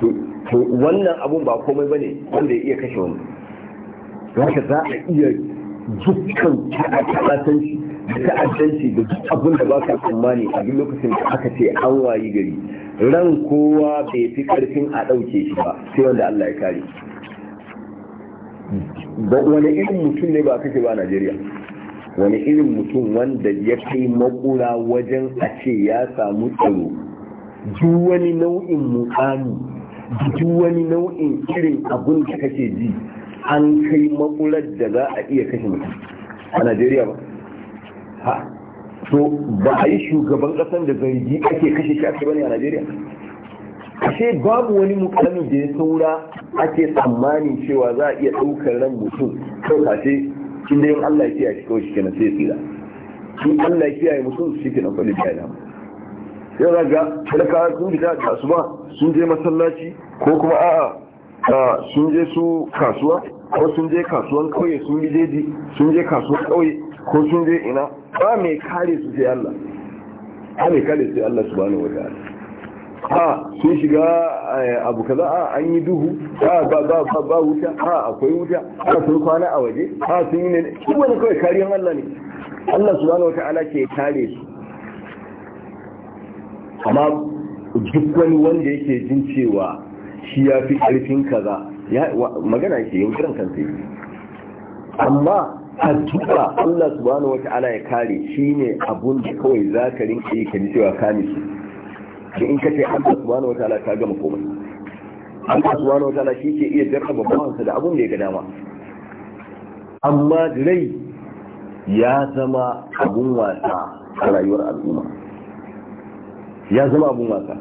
to wannan abun ba komai ba ne wanda ya iya kashe wani haka za a iya dukkan ta'addanci da ta'addanci da duk abun da ba ka tsammani a duk lokacin da aka ce an wayi gari ran kowa bai fi karfin a ɗauke shi ba sai wanda Allah ya kare wani irin mutum ne ba kake ba a Najeriya wani irin mutum wanda ya kai makura wajen a ce ya samu tsaro duk wani nau'in mukami duk wani nau'in irin abun da kake ji an kai makurar da za a iya kashe mutum a najeriya ba ha so ba a yi shugaban kasan da zargi ake kashe shi ake bane a najeriya ashe babu wani mukamin da ya saura ake tsammanin cewa za a iya ɗaukar ran mutum kawai cikin yin Allah ya kiyaye shi kawai shi kenan sai tsira shi Allah ya kiyaye musu shi kenan kwalin bayan yau za ga talakawa sun fita kasuwa sun je masallaci ko kuma a'a sun je su kasuwa ko sun je kasuwan kauye sun bi jeji sun je kasuwan kauye ko sun je ina ba mai kare su sai Allah ba mai kare su sai Allah subhanahu wa ta'ala ha sun shiga eh, abu kaza a an yi duhu ha ba ba ba ba wuta ha akwai wuta ha sun kwana a waje ha sun yi ne shi wani kawai kariyan Allah ne Allah subhanahu ala ke kare su amma duk wani wanda yake jin cewa shi ya fi karfin kaza magana yake yin kiran kansa yi amma addu'a Allah subhanahu ala ya kare ne abun da kawai zakarin ke yi ka cewa kamisu shi in kace Allah subhanahu wataala ka gama komai Allah subhanahu wataala shi ke iya babban sa da abun da ya ga dama amma dai ya zama abun wasa a rayuwar al'umma ya zama abun wasa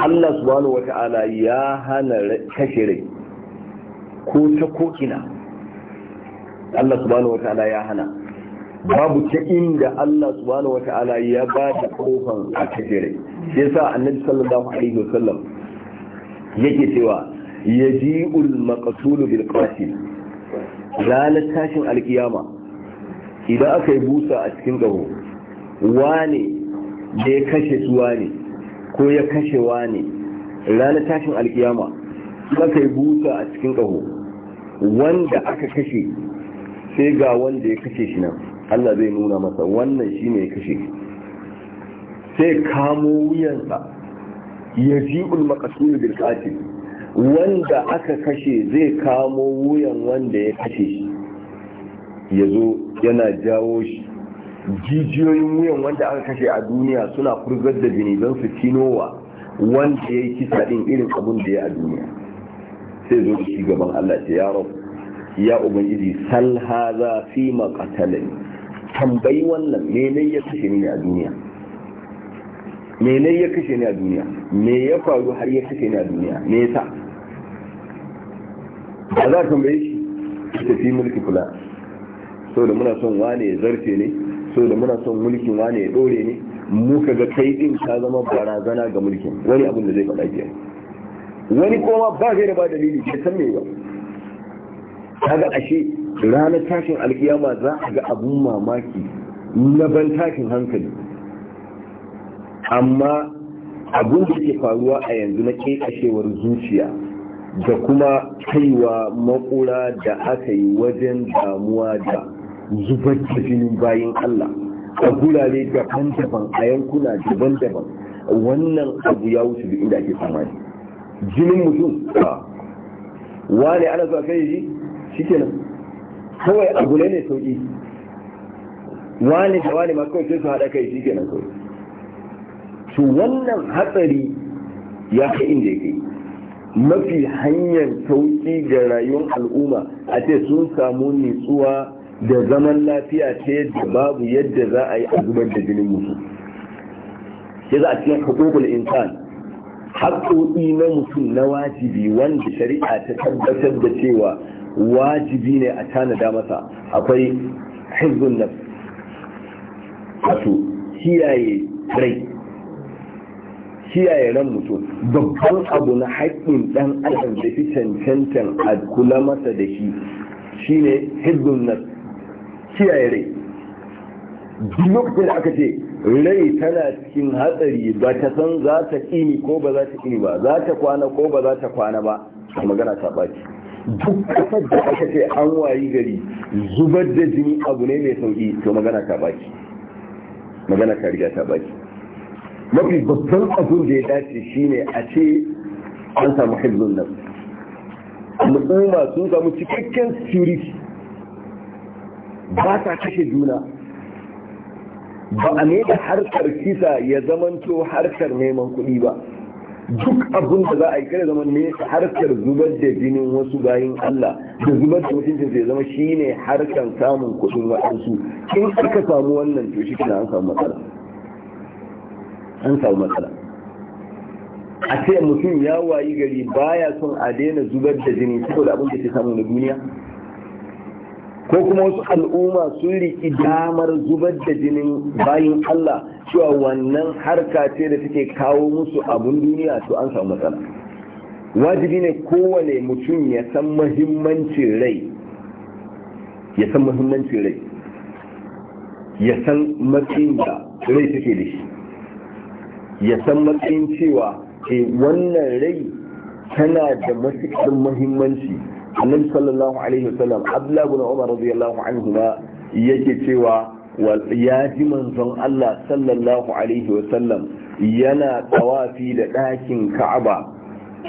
Allah subhanahu wata'ala ya hana kashe rai ko ta kokina Allah subhanahu wata'ala ya hana babu ta inda Allah subhanahu wata'ala ya ba da kofan a cikin shi yasa annabi sallallahu alaihi wasallam yake cewa yaji'ul maqtul bil qatil lalat tashin alkiyama idan aka yi busa a cikin gabo wane da ya kashe su wane ko ya kashe wane lalat tashin alkiyama aka yi busa a cikin gabo wanda aka kashe sai ga wanda ya kashe shi nan Allah zai nuna masa wannan shi ne kashe sai kamo wuyansa ya ji ulmakasulu bil wanda aka kashe zai kamo wuyan wanda ya kashe shi ya zo yana jawo shi jijiyoyin wuyan wanda aka kashe a duniya suna kurgar da jini don su tinowa wanda ya yi kisa ɗin irin abin da ya a duniya sai zo da shi gaban Allah ce ya ya ubangiji sal haza fi maqatalani tambayi wannan mene ya kashe ni a duniya mene ya kashe ni a duniya me ya faru har ya kashe ni a duniya me yasa ba za ka tambaye shi ta fi mulki kula so da muna son wane ya zarce ne so da muna son mulkin wane ya dore ne mu ka ga kai din ka zama barazana ga mulkin wani abin da zai faɗa ke wani kuma ba zai da ba dalili bai san me ba kaga ashe ranar tashin alkiyama za a ga abun mamaki na ban tashin hankali amma abun da ke faruwa a yanzu na kekashewar zuciya da kuma kaiwa makura da aka yi wajen damuwa da zubar da jinin bayan Allah a gurare daban-daban a yankuna daban-daban wannan abu ya wuce duk inda ake samani jinin mutum ah, wane ana zuwa kai shi kenan kawai a gule ne sauƙi? wani da wani ma kawai su haɗa kai shi ke nan kawai su wannan hatsari ya kai inda ya kai mafi hanyar sauƙi ga rayuwar al'umma a ce sun samu nitsuwa da zaman lafiya ta yadda babu yadda za a yi a zubar da jinin musu ya za a cikin hukukul insan haƙoƙi na mutum na wajibi wanda shari'a ta tabbatar da cewa wajibi ne a tanada masa akwai hizbun nafs wato kiyaye rai kiyaye ran mutum babban abu na haƙƙin ɗan adam da fi cancantan a kula masa da shi shine hizbun kiyaye rai duk lokacin da aka ce rai tana cikin hatsari ba ta san za ta ƙini ko ba za ta ƙini ba za ta kwana ko ba za ta kwana ba magana ta baki duk kasar da aka ce an wayi gari zubar da jini abu ne mai sauki to magana ta baki magana ta riga ta baki mafi babban abin da ya dace shine a ce an samu hizbun nan al'umma sun samu cikakken security ba ta kashe juna ba a ne da harkar kisa ya zamanto harkar neman kuɗi ba duk abin da za a yi kare zama ne harkar zubar da jinin wasu bayin Allah da zubar da mutuncin sai zama shine harkar samun kudin waɗansu in aka samu wannan to shi kina an samu matsala an samu matsala a ce mutum ya wayi gari baya son a daina zubar da jini saboda abin da ke samu na duniya ko kuma wasu al'umma sun riki damar zubar da jinin bayin Allah cewa wannan harka ce da take kawo musu abun duniya to an samu matsala wajibi ne kowane mutum ya san muhimmancin rai ya san muhimmancin rai ya san matsayin da rai take da shi ya san matsayin cewa e wannan rai tana da matuƙar muhimmanci annabi sallallahu alaihi wasallam abdullahi bin umar radiyallahu anhu yake cewa ya ji manzon Allah sallallahu alaihi wasallam yana tawafi da ɗakin Ka'aba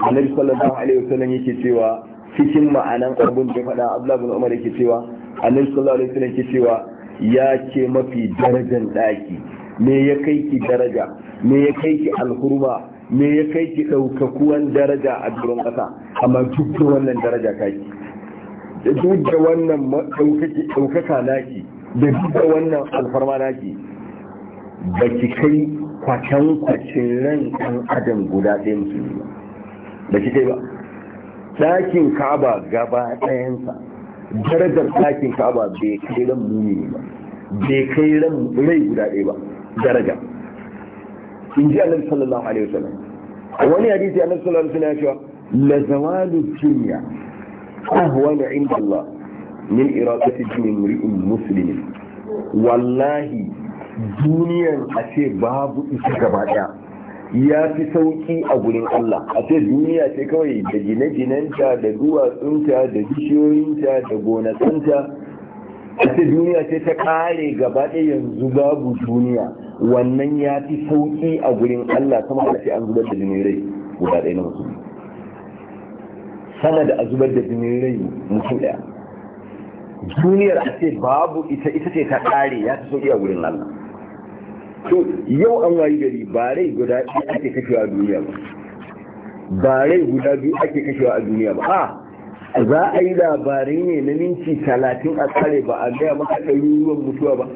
annabi sallallahu alaihi wasallam yake cewa cikin ma'anan abun da faɗa Abdullahi bin Umar yake cewa annabi sallallahu alaihi wasallam yake cewa ya ce mafi darajar ɗaki me ya kai ki daraja me ya kai ki alhurma me ya kai ki ɗaukakuwan daraja a duron ƙasa amma duk da wannan daraja kaki duk da wannan ɗaukaka naki da duka wannan alfarma naki ba ki kai kwacen kwacin ran ɗan adam guda ɗaya musulmi ba ba ki kai ba ɗakin kaba gaba ɗayansa darajar ɗakin kaba bai kai ran muni ba bai kai ran rai guda ɗaya ba daraja in ji annabi sallallahu alaihi wasallam a wani hadisi annabi sallallahu alaihi wasallam ya cewa la zawalu dunya ahwanu inda Allah min irakati jinin ri'in musulmi wallahi duniyan a ce babu isa gaba daya ya fi sauki a gurin Allah a ce duniya ce kawai da gine-ginenta da duwatsunta da bishiyoyinta da gonakanta a ce duniya ce ta kare gaba ɗaya yanzu babu duniya wannan ya fi sauki a gurin Allah sama da ce an zubar da jimirai guda ɗaya na mutum sana da a zubar da jimirai mutum ɗaya duniyar a ce babu ita ita ce ta kare ya ta sauki a wurin Allah to yau an wayi gari ba rai guda biyu ake kashewa a duniya ba ba rai guda biyu ake kashewa a duniya ba a ah, za a yi labarai ne na minti talatin a tsare ba a gaya maka ɗaruruwan mutuwa ba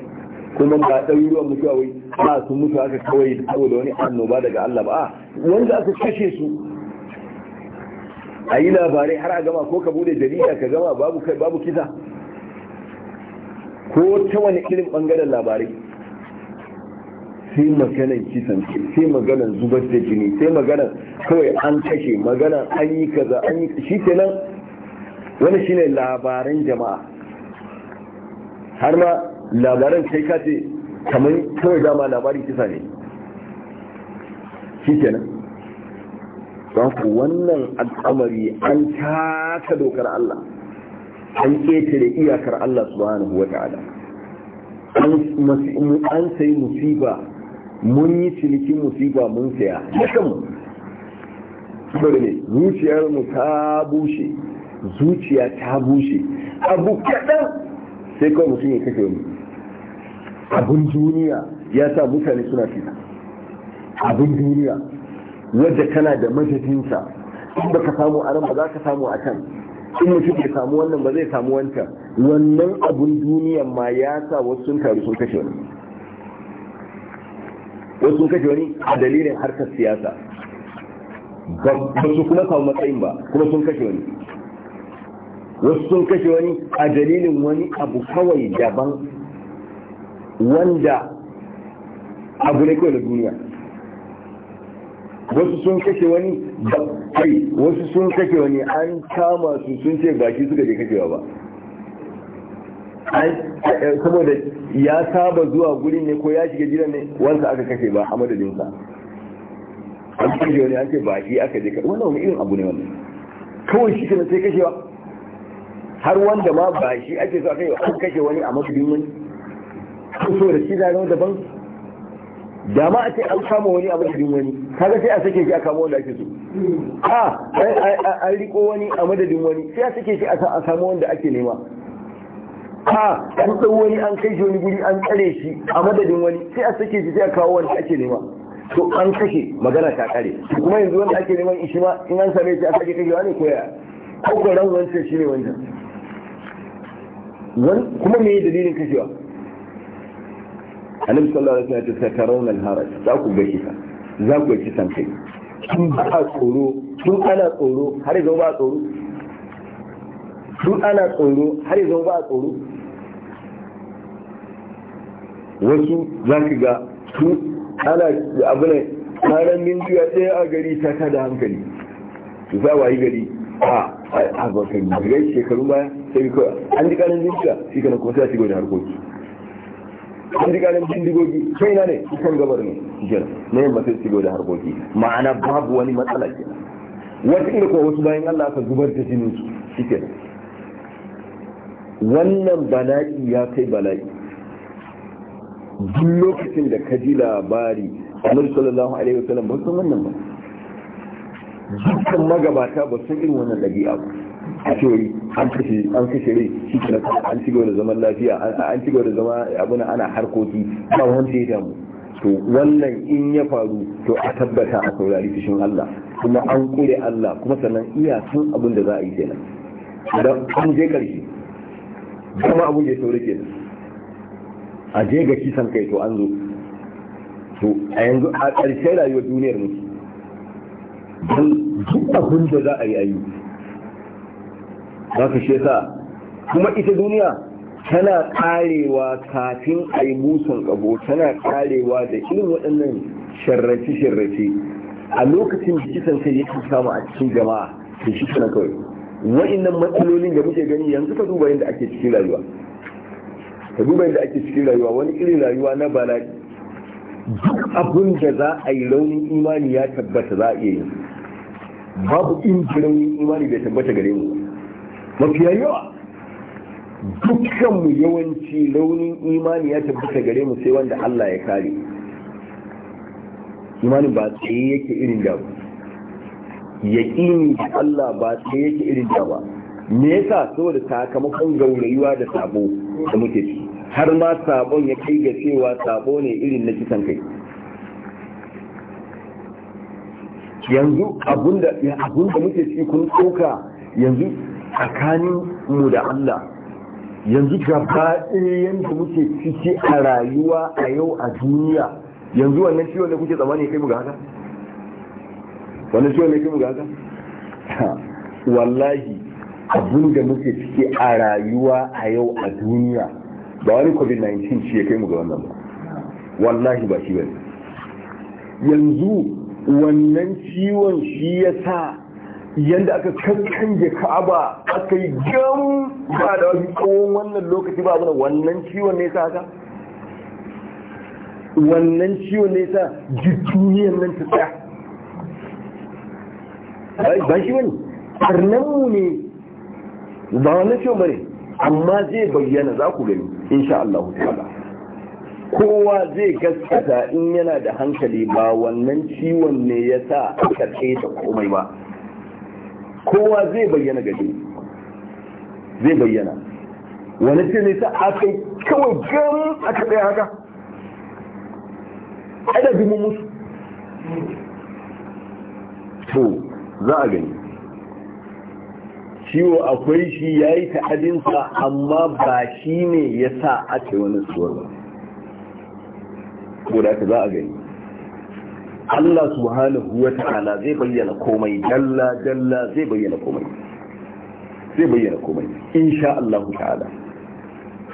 kuma ba ɗaruruwan mutuwa wai ba su mutu aka kawai saboda wani annoba daga Allah ba a ah, wanda aka kashe su a yi labarai har a gama ko ka bude jarida ka gama babu kisa ko ta wani irin bangaren labarai sai maganan kisan sai maganan zubar da jini sai maganan kawai an kashe maganan an yi kaza an yi shi kenan wani shine labaran jama'a har ma labaran sai ka ce kamar kawai dama labarin kisa ne shi kenan don ku wannan al'amari an taka dokar Allah an ƙetare iyakar Allah subhanahu wa ta'ala an sai musiba mun yi cinikin musiba mun saya dukanmu ne zuciyarmu ta bushe zuciya ta bushe abu kaɗan sai kawai mutum ya kashe mu abin duniya ya sa mutane suna fita abin duniya wadda kana da madadinsa in baka samu a nan ba za ka samu a can in mutum bai samu wannan ba zai samu wancan wannan abun duniyan ma ya sa wasu sun taru sun kashe wani wasu sun kashe wani a dalilin harkar siyasa ba su kuma samu matsayin ba kuma sun kashe wani wasu sun kashe wani a dalilin wani abu kawai daban wanda abu ne kawai na duniya wasu sun kashe wani da kai wasu sun kashe wani an kama su sun ce baki suka je kashewa ba eh, saboda ya saba zuwa gurin ne ko ya shiga gidan ne wanda aka kashe ba a madadinsa an kashe wani an ce baki aka je kashe wannan wani irin abu ne wannan kawai shi kana sai kashewa har wanda ma ba shi ake so aka yi an kashe wani a madadin wani ko so da shi da daban da ma a ce an kama wani a madadin wani kaga sai a sake shi a kamo wanda ake so a a riko wani a madadin wani sai a sake shi a samu wanda ake nema a an ɗau wani an kai shi wani guri an tsare shi a madadin wani sai a sake shi sai a kawo wanda ake nema to an kashe magana ta kare kuma yanzu wanda ake neman shi ma in an same shi a sake kashewa ne koya ya ko ko ran wancan shi ne wancan kuma me dalilin kashewa annabi sallallahu alaihi wasallam ya ce sakarawna haraj za ku gashi ka za ku yi kisan kai tun ana tsoro har yanzu ba tsoro tun ana tsoro har yanzu ba tsoro wasu za ka ga tun ana tsarin ranar ya ɗaya a gari ta kada hankali su za wayi gari a abokan gari shekaru baya sai kawai an ji kanin mintiya shi kana kuma sai shigo da harkoki an ji karin bindigogi kai na ne kan gabar ne kenan na yamma sai da harkoki ma'ana babu wani matsala ke wata ila kuwa wasu bayan Allah aka zubar da jinin su shikenan wannan bala'i ya kai bala'i duk lokacin da ka ji labari annabi sallallahu alaihi wasallam ba san wannan ba dukkan magabata ba san irin wannan dabi'a ba a cewa an kashe an kashe rai shi an cigaba da zaman lafiya an cigaba da zama abuna ana harkoki ba wanda ya damu to wannan in ya faru to a tabbata a saurari fushin Allah kuma an kure Allah kuma sannan iyakan abin da za a yi kenan idan an je karshe kuma abin da ya saurari kenan a je ga kisan kai to an zo to a yanzu a ƙarshen rayuwar duniyar mu don duk abin da za a yi ayi, za ka shi kuma ita duniya tana karewa kafin a yi busan ƙaho tana karewa da irin waɗannan sharrace-sharrace a lokacin da kisan sai yake samu a cikin jama'a da shi suna kawai wa'innan matsalolin da muke gani yanzu ka duba yadda ake cikin rayuwa ka duba yadda ake cikin rayuwa wani irin rayuwa na bala'i duk abin da za a yi raunin imani ya tabbata za a iya yi babu inda raunin imani bai tabbata gare mu mafiya yawa dukkanmu yawanci launin imani ya tabbata gare mu sai wanda Allah ya kare imanin ba tsaye yake irin da ba yaƙini da Allah ba tsaye yake irin da ba me yasa saboda sakamakon gaurayuwa da sabo da muke ci har ma sabon ya kai ga cewa sabo ne irin na kisan kai yanzu abunda abunda muke ci kun tsoka yanzu tsakanin mu da Allah yanzu gaba ɗaya yadda muke ciki a rayuwa a yau a duniya yanzu wannan ciwon da kuke tsammani ya kai mu ga haka wannan ciwon da kai mu ga haka wallahi abin da muke ciki a rayuwa a yau a duniya ba wani covid-19 shi ya kai mu ga wannan ba wallahi ba shi bane yanzu wannan ciwon shi ya sa Yadda aka kankanje ka'aba aka yi gam ba da wani tsawon wannan lokaci ba abu wannan ciwon ne sa haka wannan ciwon ne sa jituniyan nan ta tsaya ba shi wani karnanmu ne ba wannan ciwon ba ne amma zai bayyana za ku gani insha Allah ta'ala kowa zai gaskata in yana da hankali ba wannan ciwon ne ya sa aka tsaye da komai ba kowa zai bayyana gari zai bayyana wani ce ne ta aka kawai gam aka tsaya haka ƙada bi mu musu to za a gani ciwo akwai shi ya yi ta'adinsa amma ba shi ne ya sa aka wani tsoron ba ko da aka za a gani Allah subhanahu wa ta'ala zai bayyana komai dalla dalla zai bayyana komai zai bayyana komai insha Allah ta'ala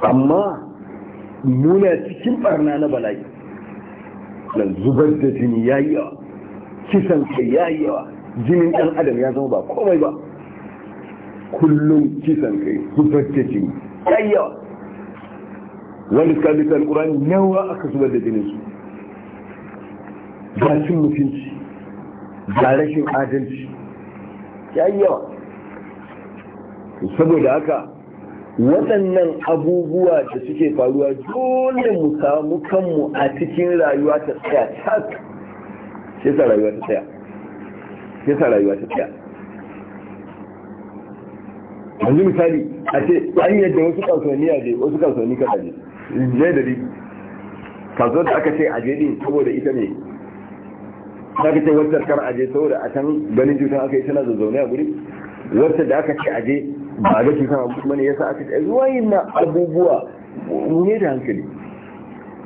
amma muna cikin barna na bala'i nan zubar da jini yi yawa kisan kai yi yawa jinin ɗan adam ya zama ba komai ba kullum kisan kai zubar da jini yayi yawa wani suka ƙura'in yawa nawa aka zubar da jinin su Jarashin mutunci jarashin adalci ya yi yawa saboda haka waɗannan abubuwa da suke faruwa dole mu samu kanmu a cikin rayuwa ta tsaya tak sai rayuwa ta tsaya sai sa rayuwa ta tsaya yanzu misali a ce an yadda wasu kasuwanni a je wasu kasuwanni kasuwanni zai da kasuwar da aka ce a je din saboda ita ne za ka ce wacce kar aje saboda a can ganin cutar aka yi tana zazzaune a guri wacce da aka ce aje ba ga cutar a kuma ne yasa aka ce zuwa na abubuwa ne da hankali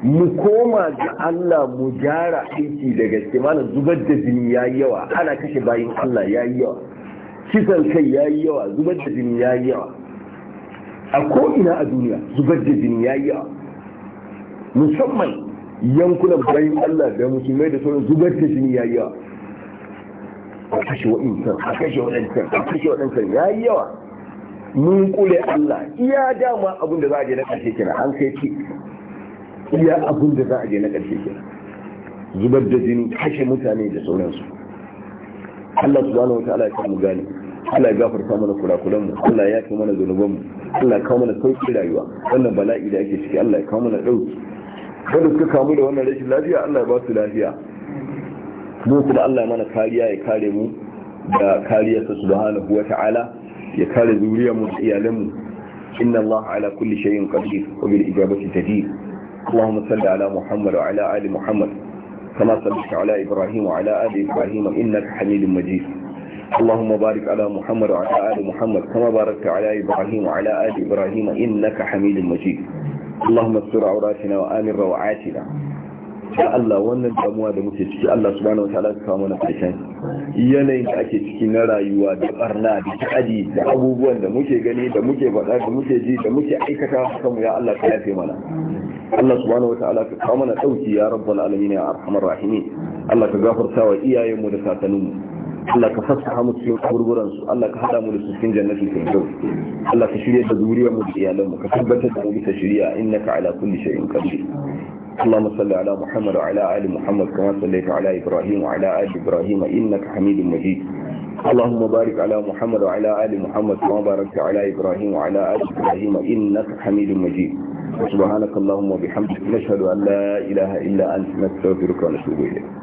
mu koma ga Allah mu gyara aiki da gaske mana zubar da jini ya yawa ana kashe bayin Allah ya yawa kisan kai ya yi yawa zubar da jini ya yawa a ko'ina a duniya zubar da jini ya yawa musamman yankunan bayan Allah da musulmai da sauran zubar da jini ya yawa a kashe wa'insan a kashe waɗancan a kashe waɗancan ya yi yawa mun kule Allah iya dama abin da za a je na ƙarshe kina an kai ce iya abin da za a je na ƙarshe kina zubar da jini kashe mutane da sauransu Allah subhanahu wata ala ya samu gane Allah ya gafarta mana kurakuran mu Allah ya kai mana zunuban mu Allah ya kawo mana sauki rayuwa wannan bala'i da ake ciki Allah ya kawo mana dauki wanda suka kamu da wannan rashin lafiya Allah ya ba su lafiya mu kuma Allah ya mana kariya ya kare mu da kariyarsa subhanahu wa ta'ala ya kare zuriyar mu da iyalanmu inna Allah ala kulli shay'in qadir wa bil ijabati tajib اللهم صل على محمد وعلى آل محمد كما صليت على إبراهيم وعلى آل إبراهيم إنك حميد مجيد اللهم بارك على محمد وعلى آل محمد كما باركت على إبراهيم وعلى آل إبراهيم إنك حميد مجيد Allahumma sur auratina wa rawa rawatina ya Allah wannan damuwa da muke ciki Allah subhanahu wataala ka kawo mana karshen yanayin da ake ciki na rayuwa da barna da ta'adi da abubuwan da muke gani da muke faɗa da muke ji da muke aikata ya Allah ka yafe mana Allah subhanahu wataala ka kawo mana dauki ya rabbal alamin ya arhamar rahimin Allah ka gafarta wa iyayenmu da mu Allah ka fassaha mu cikin kaburburan su Allah ka hada mu da cikin jannati ta kyau ka shirya da zuriya mu da iyalan mu ka tabbatar da mu bisa shari'a innaka ala kulli shay'in qadir Allahumma salli ala Muhammad wa ala ali Muhammad kama sallaita ala Ibrahim wa ala ali Ibrahim innaka Hamidum Majid اللهم بارك على محمد وعلى آل محمد كما باركت على إبراهيم وعلى آل إبراهيم إنك حميد مجيد سبحانك اللهم وبحمدك نشهد أن لا إله إلا أنت نستغفرك ونتوب إليك